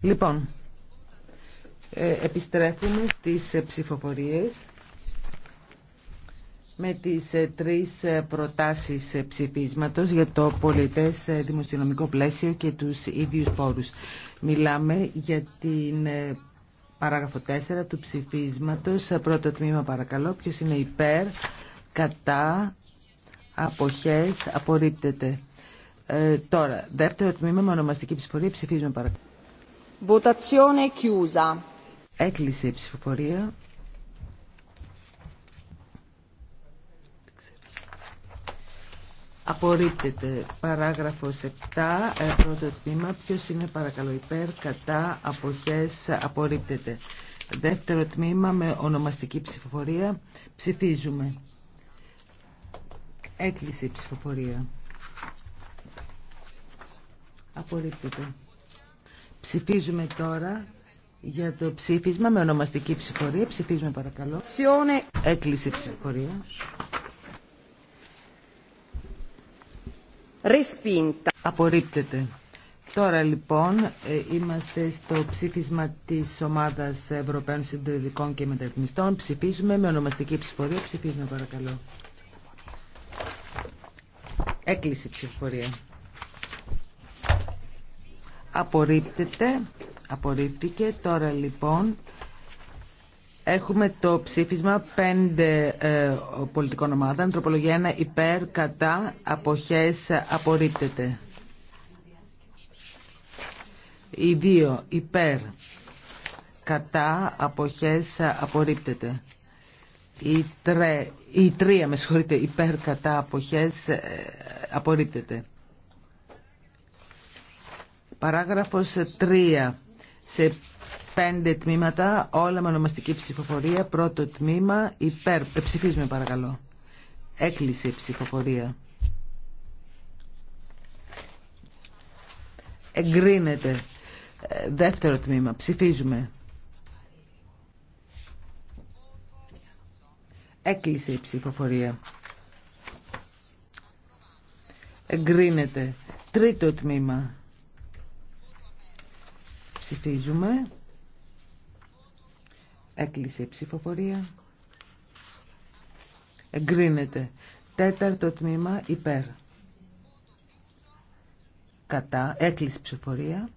Λοιπόν, ε, επιστρέφουμε στις ε, ψηφοφορίες με τις ε, τρεις προτάσεις ψηφίσματος για το πολιτές δημοσιονομικό πλαίσιο και τους ίδιους πόρους. Μιλάμε για την παράγραφο 4 του ψηφίσματος. Πρώτο τμήμα παρακαλώ. Ποιος είναι υπέρ, κατά, αποχές, απορρίπτεται. Ε, τώρα, δεύτερο τμήμα με ονομαστική ψηφορία. Ψηφίζουμε παρακαλώ. Votazione chiusa. Έκλεισε η ψηφοφορία. Απορρίπτεται παράγραφος 7, ε, πρώτο τμήμα. Ποιος είναι παρακαλώ υπέρ, κατά, αποχές, απορρίπτεται. Δεύτερο τμήμα με ονομαστική ψηφοφορία. Ψηφίζουμε. Έκλεισε η ψηφοφορία. Απορρίπτεται. Ψηφίζουμε τώρα για το ψήφισμα με ονομαστική ψηφορία. Ψηφίζουμε παρακαλώ. Ψιώνε. Έκλεισε ψηφορία. Respinta. Απορρίπτεται. Τώρα λοιπόν ε, είμαστε στο ψήφισμα της Ομάδας Ευρωπαίων Συντηρητικών και Μεταρρυθμιστών. Ψηφίζουμε με ονομαστική ψηφορία. Ψηφίζουμε παρακαλώ. Έκλεισε ψηφορία. Απορρίπτεται. Απορρίφθηκε. Τώρα λοιπόν έχουμε το ψήφισμα πέντε ε, πολιτικών ομάδων. Τροπολογία 1 υπέρ, κατά, αποχές, απορρίπτεται. Οι δύο υπέρ, κατά, αποχές, απορρίπτεται. Η, τρε, η τρία, με συγχωρείτε, υπέρ, κατά, αποχές, ε, απορρίπτεται. Παράγραφος 3. Σε πέντε τμήματα, όλα με ονομαστική ψηφοφορία. Πρώτο τμήμα, υπέρ. Ε, ψηφίζουμε παρακαλώ. Έκλεισε η ψηφοφορία. Εγκρίνεται. Ε, δεύτερο τμήμα, ψηφίζουμε. Έκλεισε η ψηφοφορία. Εγκρίνεται. Τρίτο τμήμα. Ψηφίζουμε. Έκλεισε η ψηφοφορία. Εγκρίνεται. Τέταρτο τμήμα υπέρ. Κατά. Έκλεισε η ψηφοφορία.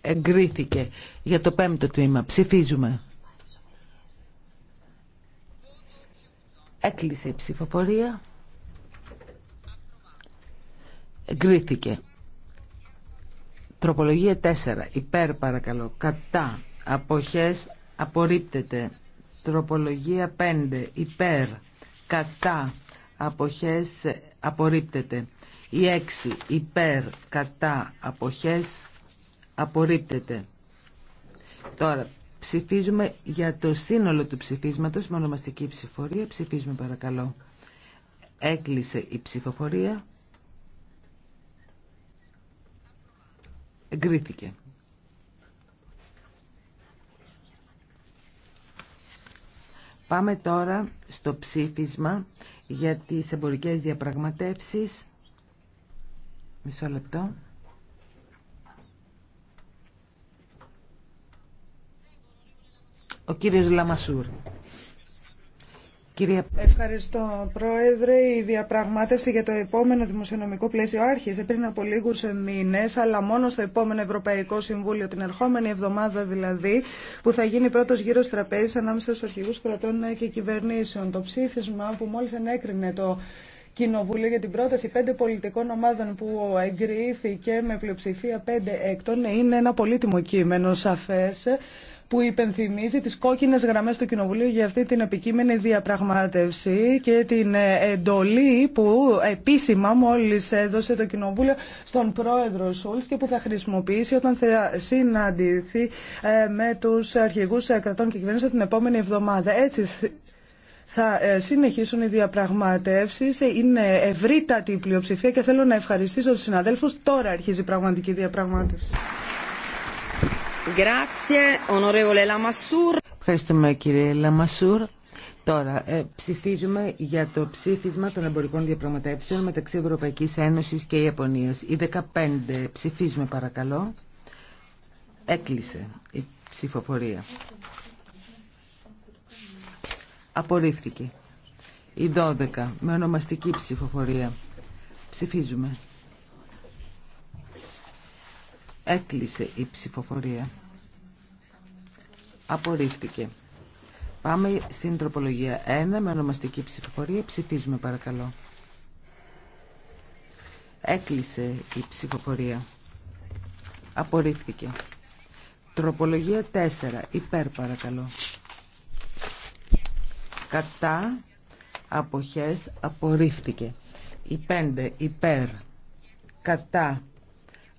Εγκρίθηκε. Για το πέμπτο τμήμα. Ψηφίζουμε. Έκλεισε η ψηφοφορία. Εγκρίθηκε. Τροπολογία 4. Υπέρ παρακαλώ. Κατά. Αποχές απορρίπτεται. Τροπολογία 5. Υπέρ. Κατά. Αποχές απορρίπτεται. Η 6. Υπέρ. Κατά. Αποχές απορρίπτεται. Τώρα ψηφίζουμε για το σύνολο του ψηφίσματος με ονομαστική ψηφορία. Ψηφίζουμε παρακαλώ. Έκλεισε η ψηφοφορία. εγκρίθηκε. Πάμε τώρα στο ψήφισμα για τις εμπορικές διαπραγματεύσεις. Μισό λεπτό. Ο κύριος Λαμασούρ. Κυρία... Ευχαριστώ, Πρόεδρε. Η διαπραγμάτευση για το επόμενο δημοσιονομικό πλαίσιο άρχισε πριν από λίγου μήνε, αλλά μόνο στο επόμενο Ευρωπαϊκό Συμβούλιο, την ερχόμενη εβδομάδα δηλαδή, που θα γίνει πρώτο γύρο τραπέζι ανάμεσα στου αρχηγού κρατών και κυβερνήσεων. Το ψήφισμα που μόλι ενέκρινε το Κοινοβούλιο για την πρόταση πέντε πολιτικών ομάδων που εγκρίθηκε με πλειοψηφία πέντε έκτων είναι ένα πολύτιμο κείμενο σαφέ που υπενθυμίζει τις κόκκινες γραμμές του Κοινοβουλίου για αυτή την επικείμενη διαπραγμάτευση και την ε, εντολή που επίσημα μόλις έδωσε το Κοινοβούλιο στον πρόεδρο Σούλτς και που θα χρησιμοποιήσει όταν θα συναντηθεί ε, με τους αρχηγούς ε, κρατών και κυβέρνηση την επόμενη εβδομάδα. Έτσι θα συνεχίσουν οι διαπραγματεύσει. Είναι ευρύτατη η πλειοψηφία και θέλω να ευχαριστήσω του συναδέλφου. Τώρα αρχίζει η πραγματική διαπραγμάτευση. Ευχαριστούμε κύριε Λαμασούρ. Τώρα, ε, ψηφίζουμε για το ψήφισμα των εμπορικών διαπραγματεύσεων μεταξύ Ευρωπαϊκής Ένωσης και Ιαπωνίας. Η 15 ψηφίζουμε παρακαλώ. Έκλεισε η ψηφοφορία. Απορρίφθηκε. Η 12 με ονομαστική ψηφοφορία. Ψηφίζουμε. Έκλεισε η ψηφοφορία. Απορρίφθηκε. Πάμε στην τροπολογία 1 με ονομαστική ψηφοφορία. Ψηφίζουμε παρακαλώ. Έκλεισε η ψηφοφορία. Απορρίφθηκε. Τροπολογία 4. Υπέρ παρακαλώ. Κατά αποχές απορρίφθηκε. Η 5. Υπέρ. Κατά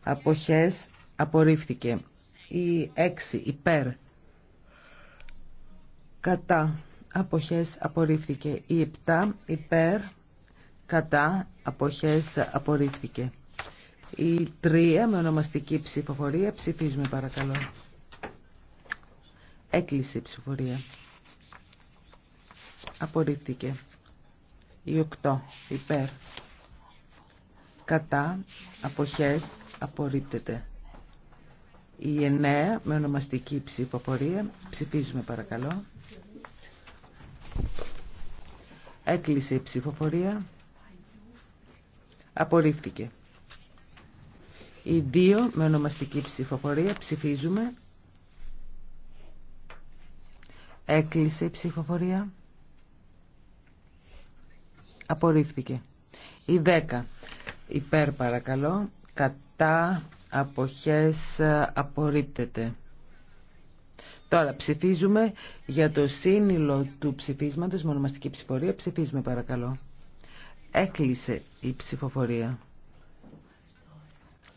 αποχές απορρίφθηκε. Η 6 υπέρ κατά αποχές απορρίφθηκε. Η 7 υπέρ κατά αποχές απορρίφθηκε. Η 3 με ονομαστική ψηφοφορία ψηφίζουμε παρακαλώ. Έκλεισε η ψηφοφορία. Απορρίφθηκε. Η 8 υπέρ κατά αποχές απορρίπτεται. Η 9 με ονομαστική ψηφοφορία. Ψηφίζουμε παρακαλώ. Έκλεισε η ψηφοφορία. Απορρίφθηκε. Η 2 με ονομαστική ψηφοφορία. Ψηφίζουμε. Έκλεισε η ψηφοφορία. Απορρίφθηκε. Η 10 υπέρ παρακαλώ. Κατά αποχές ε, απορρίπτεται. Τώρα ψηφίζουμε για το σύνολο του ψηφίσματος, μονομαστική ψηφορία. Ψηφίζουμε παρακαλώ. Έκλεισε η ψηφοφορία.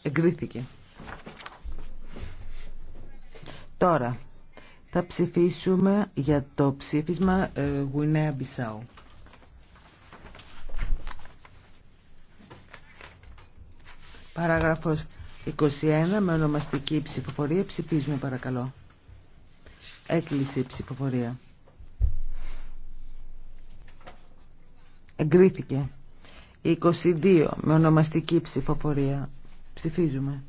Εγκρίθηκε. Τώρα θα ψηφίσουμε για το ψήφισμα ε, Γουινέα Μπισάου. Παράγραφος 21 με ονομαστική ψηφοφορία. Ψηφίζουμε παρακαλώ. Έκλεισε η ψηφοφορία. Εγκρίθηκε. 22 με ονομαστική ψηφοφορία. Ψηφίζουμε.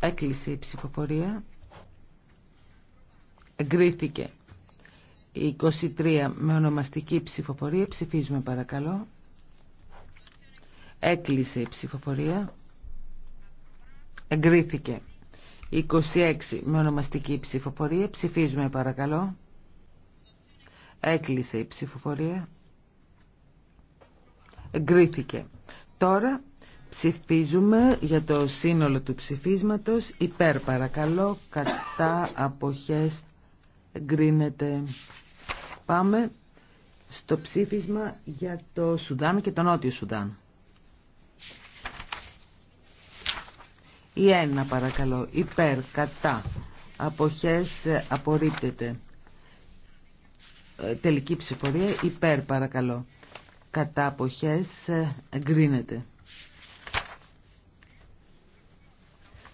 Έκλεισε η ψηφοφορία. Εγκρίθηκε. 23 με ονομαστική ψηφοφορία. Ψηφίζουμε παρακαλώ. Έκλεισε η ψηφοφορία. Εγκρίθηκε. 26 με ονομαστική ψηφοφορία. Ψηφίζουμε παρακαλώ. Έκλεισε η ψηφοφορία. Εγκρίθηκε. Τώρα ψηφίζουμε για το σύνολο του ψηφίσματος. Υπέρ παρακαλώ. Κατά αποχές εγκρίνεται. Πάμε στο ψήφισμα για το Σουδάν και τον Νότιο Σουδάν. Η ένα παρακαλώ. Υπέρ, κατά. Αποχές ε, απορρίπτεται. Ε, τελική ψηφορία. Υπέρ παρακαλώ. Κατά αποχές ε, εγκρίνεται.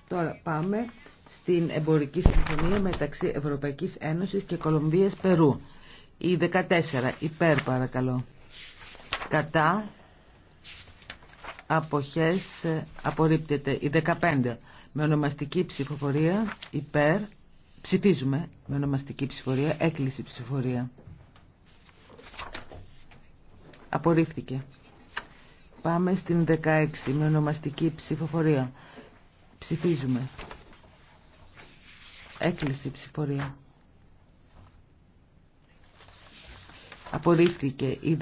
Τώρα πάμε στην εμπορική συμφωνία μεταξύ Ευρωπαϊκής Ένωσης και Κολομβίας Περού. Η 14. Υπέρ παρακαλώ. Κατά αποχές ε, απορρίπτεται. Η 15 με ονομαστική ψηφοφορία υπέρ. Ψηφίζουμε με ονομαστική ψηφοφορία. Έκλειση ψηφοφορία. Απορρίφθηκε. Πάμε στην 16 με ονομαστική ψηφοφορία. Ψηφίζουμε. Έκλειση ψηφοφορία. Απορρίφθηκε η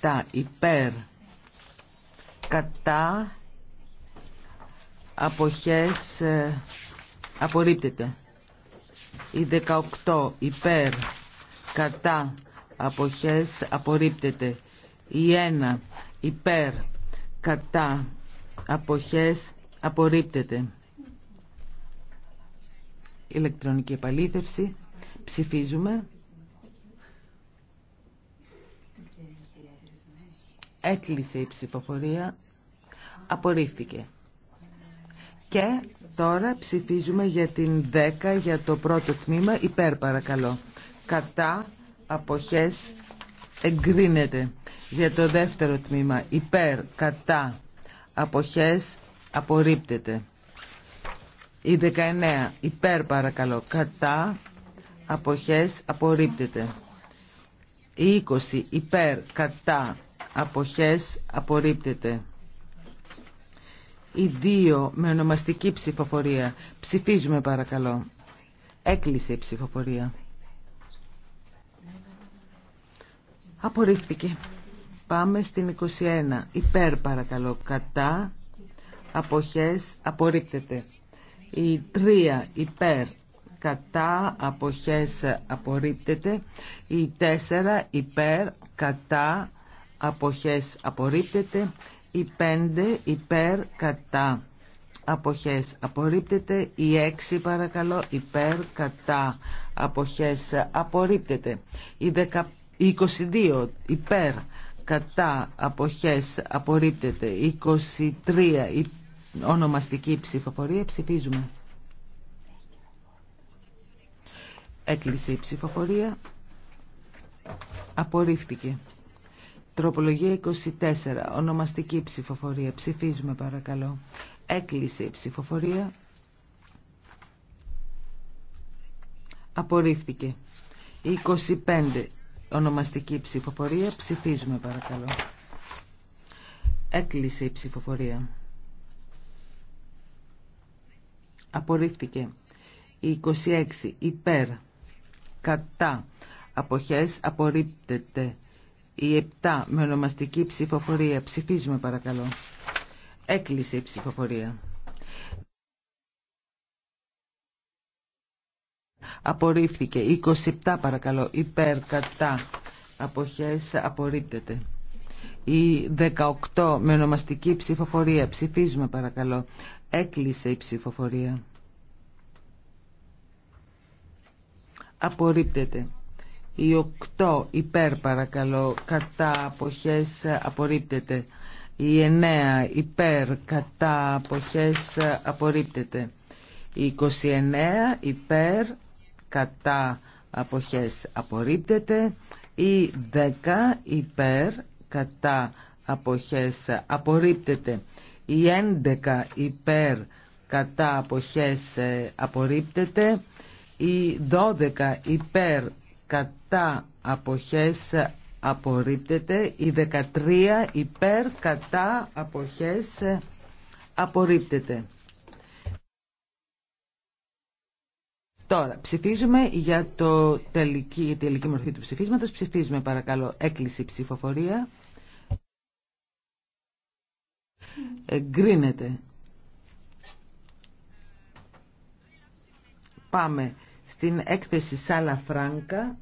17 υπέρ κατά αποχές ε, απορρίπτεται η 18 υπέρ κατά αποχές απορρίπτεται η 1 υπέρ κατά αποχές απορρίπτεται ηλεκτρονική επαλήθευση ψηφίζουμε Έκλεισε η ψηφοφορία. Απορρίφθηκε. Και τώρα ψηφίζουμε για την 10 για το πρώτο τμήμα. Υπέρ παρακαλώ. Κατά αποχές εγκρίνεται. Για το δεύτερο τμήμα. Υπέρ κατά αποχές απορρίπτεται. Η 19 υπέρ παρακαλώ. Κατά αποχές απορρίπτεται. Η 20 υπέρ κατά αποχές απορρίπτεται. Οι δύο με ονομαστική ψηφοφορία. Ψηφίζουμε παρακαλώ. Έκλεισε η ψηφοφορία. Απορρίφθηκε. Πάμε στην 21. Υπέρ παρακαλώ. Κατά. Αποχές. Απορρίπτεται. Η 3. Υπέρ. Κατά. Αποχές. Απορρίπτεται. Η 4. Υπέρ. Κατά αποχές απορρίπτεται, η 5 υπέρ κατά αποχές απορρίπτεται, η 6 παρακαλώ υπέρ κατά αποχές απορρίπτεται, η 22 υπέρ κατά αποχές απορρίπτεται, η 23 η ονομαστική ψηφοφορία ψηφίζουμε. Έκλεισε η ψηφοφορία. Απορρίφθηκε. Τροπολογία 24. Ονομαστική ψηφοφορία. Ψηφίζουμε παρακαλώ. Έκλεισε η ψηφοφορία. Απορρίφθηκε. 25. Ονομαστική ψηφοφορία. Ψηφίζουμε παρακαλώ. Έκλεισε η ψηφοφορία. Απορρίφθηκε. 26. Υπέρ. Κατά. Αποχές. Απορρίπτεται. Η 7 με ονομαστική ψηφοφορία. Ψηφίζουμε παρακαλώ. Έκλεισε η ψηφοφορία. Απορρίφθηκε. 27 παρακαλώ. Υπέρ, κατά, αποχές, απορρίπτεται. Η 18 με ονομαστική ψηφοφορία. Ψηφίζουμε παρακαλώ. Έκλεισε η ψηφοφορία. Απορρίπτεται. Η 8 υπέρ παρακαλώ κατά αποχές ε, απορρίπτεται. Η 9 ε, υπέρ κατά αποχές απορρίπτεται. Η 29 υπέρ κατά αποχές απορρίπτεται. Η 10 υπέρ κατά αποχές ε, απορρίπτεται. Η 11 υπέρ κατά αποχές απορρίπτεται. Η 12 υπέρ κατά 7 αποχές απορρίπτεται, η 13 υπέρ κατά αποχές απορρίπτεται. Τώρα, ψηφίζουμε για το τελική, τελική μορφή του ψηφίσματος. Ψηφίζουμε παρακαλώ έκκληση ψηφοφορία. Εγκρίνεται. Πάμε στην έκθεση Σάλα Φράγκα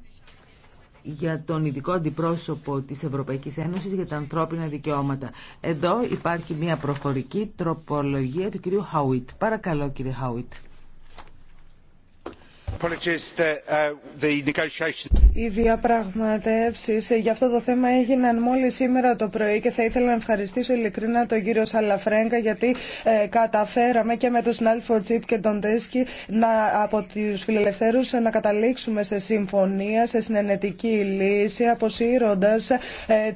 για τον ειδικό αντιπρόσωπο της Ευρωπαϊκής Ένωσης για τα ανθρώπινα δικαιώματα. Εδώ υπάρχει μια προφορική τροπολογία του κυρίου Χαουίτ. Παρακαλώ κύριε Χαουίτ. Uh, Οι διαπραγματεύσει για αυτό το θέμα έγιναν μόλις σήμερα το πρωί και θα ήθελα να ευχαριστήσω ειλικρινά τον κύριο Σαλαφρέγκα γιατί ε, καταφέραμε και με τον συνάδελφο Τσίπ και τον Τέσκι να, από τους φιλελευθέρους να καταλήξουμε σε συμφωνία, σε συνενετική λύση αποσύροντας ε,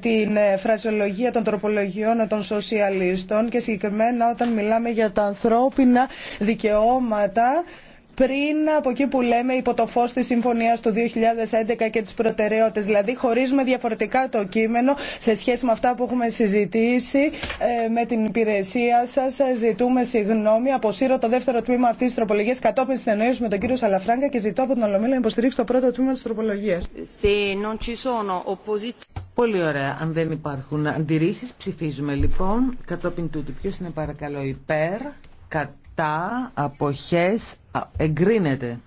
την ε, φρασιολογία των τροπολογιών των σοσιαλιστών και συγκεκριμένα όταν μιλάμε για τα ανθρώπινα δικαιώματα πριν από εκεί που λέμε υπό το φως της συμφωνίας του 2011 και τις προτεραιότητες. Δηλαδή χωρίζουμε διαφορετικά το κείμενο σε σχέση με αυτά που έχουμε συζητήσει ε, με την υπηρεσία σας. Ζητούμε συγγνώμη. Αποσύρω το δεύτερο τμήμα αυτής της τροπολογίας κατόπιν συνεννοήσεως με τον κύριο Σαλαφράγκα και ζητώ από τον Ολομήλα να υποστηρίξει το πρώτο τμήμα της τροπολογίας. Πολύ ωραία. Αν δεν υπάρχουν αντιρρήσεις ψηφίζουμε λοιπόν κατόπιν τούτου. Ποιος είναι παρακαλώ υπέρ κατά αποχές εγκρίνεται.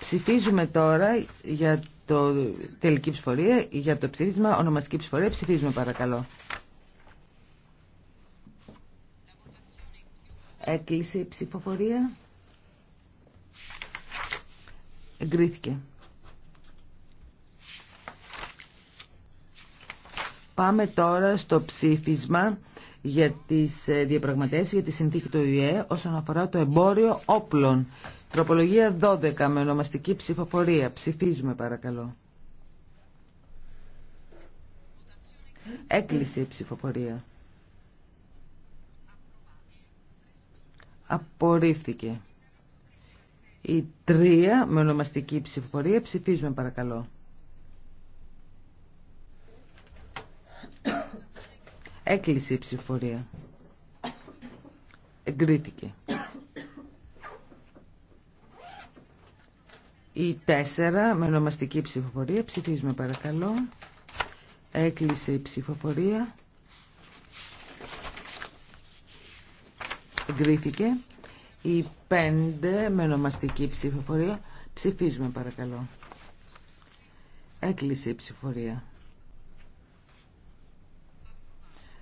Ψηφίζουμε τώρα για το τελική ψηφορία, για το ψήφισμα, ονομαστική ψηφορία. Ψηφίζουμε παρακαλώ. Έκλεισε η ψηφοφορία. Εγκρίθηκε. Πάμε τώρα στο ψήφισμα για τις ε, διαπραγματεύσεις για τη συνθήκη του ΙΕ όσον αφορά το εμπόριο όπλων. Τροπολογία 12 με ονομαστική ψηφοφορία. Ψηφίζουμε παρακαλώ. Έκλεισε η ψηφοφορία. Απορρίφθηκε. Η 3 με ονομαστική ψηφοφορία. Ψηφίζουμε παρακαλώ. Έκλεισε η ψηφορία. Εγκρίθηκε. Η 4 με ονομαστική ψηφοφορία. Ψηφίζουμε παρακαλώ. Έκλεισε η ψηφοφορία. Εγκρίθηκε. Η 5 με ονομαστική ψηφοφορία. Ψηφίζουμε παρακαλώ. Έκλεισε η ψηφοφορία.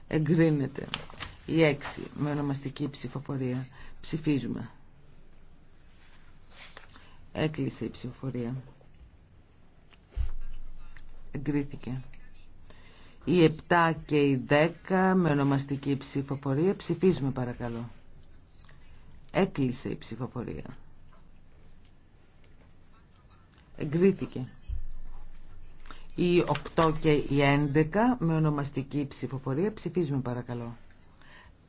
εγκρίνεται. Η 6 με ονομαστική ψηφοφορία. Ψηφίζουμε. Έκλεισε η ψηφοφορία. Εγκρίθηκε. Η 7 και η 10 με ονομαστική ψηφοφορία. Ψηφίζουμε παρακαλώ. Έκλεισε η ψηφοφορία. Εγκρίθηκε οι 8 και οι 11 με ονομαστική ψηφοφορία. Ψηφίζουμε παρακαλώ.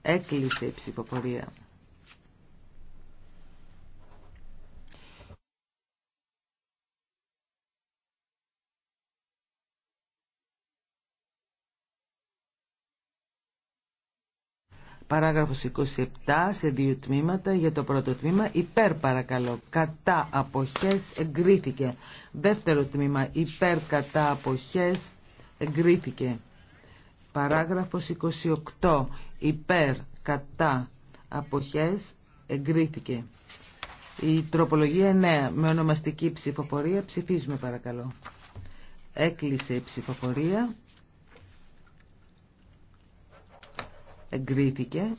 Έκλεισε η ψηφοφορία. Παράγραφος 27 σε δύο τμήματα για το πρώτο τμήμα υπέρ παρακαλώ. Κατά αποχές εγκρίθηκε. Δεύτερο τμήμα υπέρ κατά αποχές εγκρίθηκε. Παράγραφος 28 υπέρ κατά αποχές εγκρίθηκε. Η τροπολογία 9 με ονομαστική ψηφοφορία ψηφίζουμε παρακαλώ. Έκλεισε η ψηφοφορία. εγκρίθηκε.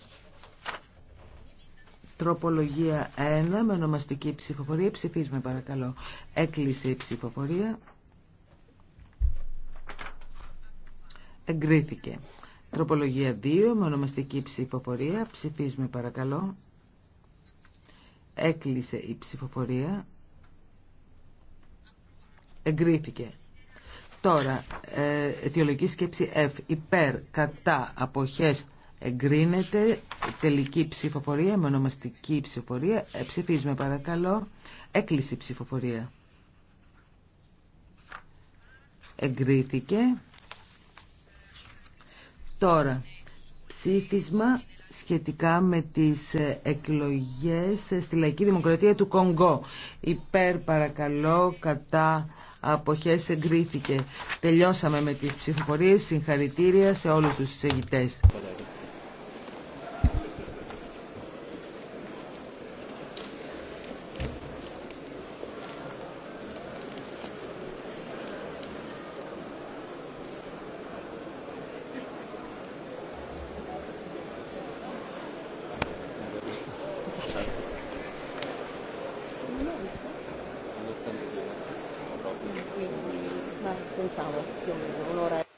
Τροπολογία 1 με ονομαστική ψηφοφορία. Ψηφίζουμε παρακαλώ. Έκλεισε η ψηφοφορία. Εγκρίθηκε. Τροπολογία 2 με ονομαστική ψηφοφορία. Ψηφίζουμε παρακαλώ. Έκλεισε η ψηφοφορία. Εγκρίθηκε. Τώρα, ε, αιτιολογική σκέψη F. Υπέρ, κατά, αποχές, εγκρίνεται τελική ψηφοφορία, με ονομαστική ψηφοφορία. Ε, ψηφίζουμε παρακαλώ. Έκλεισε ψηφοφορία. Εγκρίθηκε. Τώρα, ψήφισμα σχετικά με τις ε, εκλογές ε, στη Λαϊκή Δημοκρατία του Κονγκό. Υπέρ παρακαλώ κατά αποχές εγκρίθηκε. Τελειώσαμε με τις ψηφοφορίες. Συγχαρητήρια σε όλους τους εισηγητές. quindi pensavo più o meno un'ora